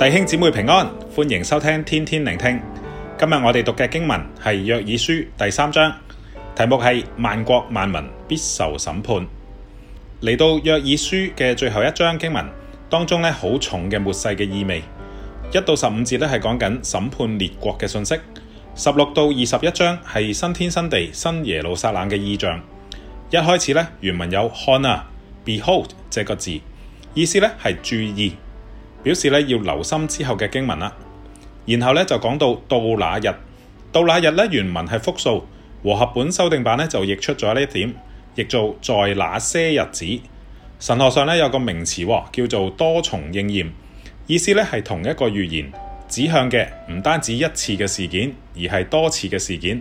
弟兄姊妹平安，歡迎收聽天天聆聽。今日我哋讀嘅經文係約珥書第三章，題目係萬國萬民必受審判。嚟到約珥書嘅最後一章經文當中呢，好重嘅末世嘅意味。一到十五節呢係講緊審判列國嘅信息。十六到二十一章係新天新地、新耶路撒冷嘅意象。一開始呢，原文有看哪，behold 這個字，意思呢係注意。表示咧要留心之後嘅經文啦，然後咧就講到到那日，到那日咧原文係複數，和合本修訂版咧就譯出咗呢一點，譯做在那些日子。神學上咧有個名詞，哦，叫做多重應驗，意思咧係同一個預言指向嘅唔單止一次嘅事件，而係多次嘅事件。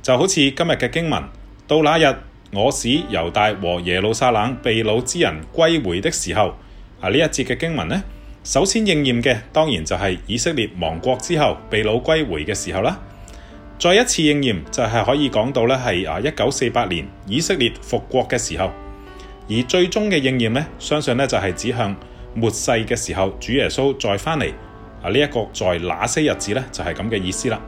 就好似今日嘅經文，到那日我使猶大和耶路撒冷被擄之人歸回的時候，啊呢一節嘅經文咧。首先應驗嘅，當然就係以色列亡國之後被擄歸回嘅時候啦。再一次應驗就係、是、可以講到呢係啊一九四八年以色列復國嘅時候。而最終嘅應驗呢，相信呢就係指向末世嘅時候，主耶穌再返嚟啊，呢一個在那些日子呢，就係咁嘅意思啦。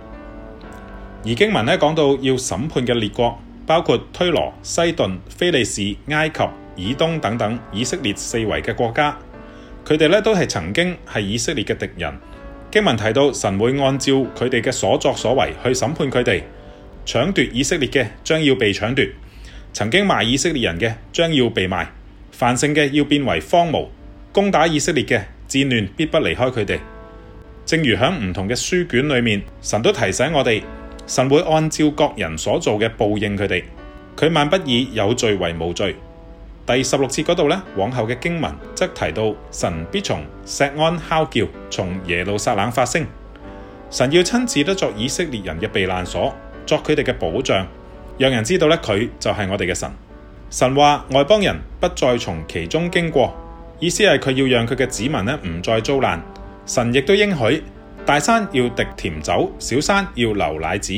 而經文呢講到要審判嘅列國，包括推羅、西頓、非利士、埃及、以東等等以色列四圍嘅國家。佢哋咧都係曾經係以色列嘅敵人，經文提到神會按照佢哋嘅所作所為去審判佢哋，搶奪以色列嘅將要被搶奪，曾經賣以色列人嘅將要被賣，繁盛嘅要變為荒蕪，攻打以色列嘅戰亂必不離開佢哋。正如響唔同嘅書卷裏面，神都提醒我哋，神會按照各人所做嘅報應佢哋，佢萬不以有罪為無罪。第十六節嗰度呢，往後嘅經文則提到神必從錫安吼叫，從耶路撒冷發聲。神要親自得作以色列人嘅避難所，作佢哋嘅保障，讓人知道呢，佢就係我哋嘅神。神話，外邦人不再從其中經過，意思係佢要讓佢嘅子民呢，唔再遭難。神亦都應許，大山要滴甜酒，小山要流奶子，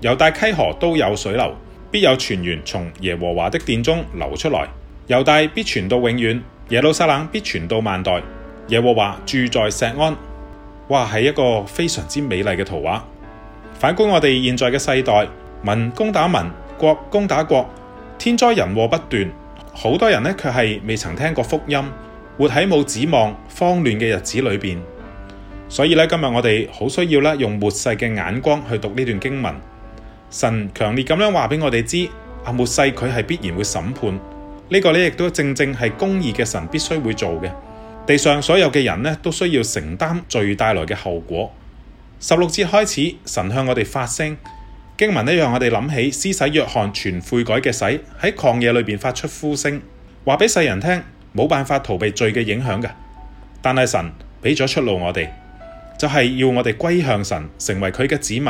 猶大溪河都有水流，必有泉源從耶和華的殿中流出來。猶大必傳到永遠，耶路撒冷必傳到萬代。耶和華住在錫安，哇，係一個非常之美麗嘅圖畫。反觀我哋現在嘅世代，民攻打民，國攻打國，天災人禍不斷，好多人呢，卻係未曾聽過福音，活喺冇指望、慌亂嘅日子裏邊。所以呢，今日我哋好需要咧，用末世嘅眼光去讀呢段經文。神強烈咁樣話俾我哋知，啊末世佢係必然會審判。呢個呢，亦都正正係公義嘅神必須會做嘅，地上所有嘅人呢，都需要承擔罪帶來嘅後果。十六節開始，神向我哋發聲，經文呢，讓我哋諗起施洗約翰傳悔改嘅洗，喺曠野裏面發出呼聲，話俾世人聽，冇辦法逃避罪嘅影響嘅。但係神俾咗出路我哋，就係、是、要我哋歸向神，成為佢嘅子民。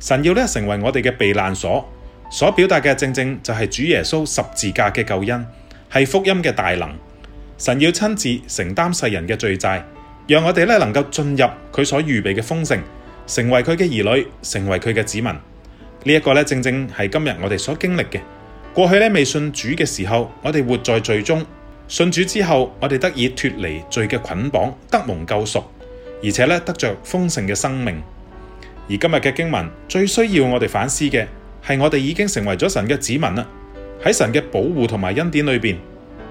神要呢，成為我哋嘅避難所。所表達嘅正正就係主耶穌十字架嘅救恩，係福音嘅大能。神要親自承擔世人嘅罪債，讓我哋咧能夠進入佢所預備嘅豐盛，成為佢嘅兒女，成為佢嘅子民。呢、這、一個咧正正係今日我哋所經歷嘅。過去咧未信主嘅時候，我哋活在罪中；信主之後，我哋得以脫離罪嘅捆綁，得蒙救贖，而且咧得着豐盛嘅生命。而今日嘅經文最需要我哋反思嘅，係我哋已經成為咗神嘅子民啦，喺神嘅保護同埋恩典裏邊。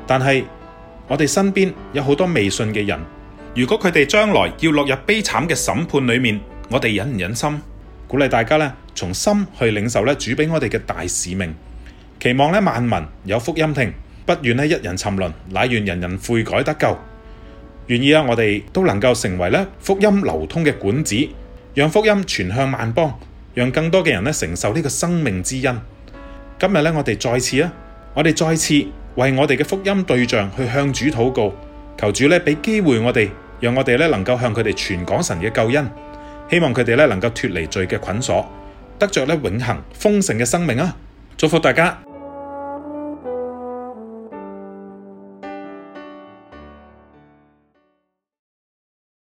但係我哋身邊有好多未信嘅人，如果佢哋將來要落入悲慘嘅審判裏面，我哋忍唔忍心？鼓勵大家咧，從心去領受咧主俾我哋嘅大使命，期望咧萬民有福音聽，不願咧一人沉淪，乃願人人悔改得救。願意啊！我哋都能夠成為咧福音流通嘅管子，讓福音傳向萬邦。讓更多嘅人呢承受呢個生命之恩。今日呢，我哋再次啊，我哋再次為我哋嘅福音對象去向主禱告，求主呢俾機會我哋，讓我哋呢能夠向佢哋傳講神嘅救恩，希望佢哋呢能夠脫離罪嘅捆鎖，得着呢永恆豐盛嘅生命啊！祝福大家。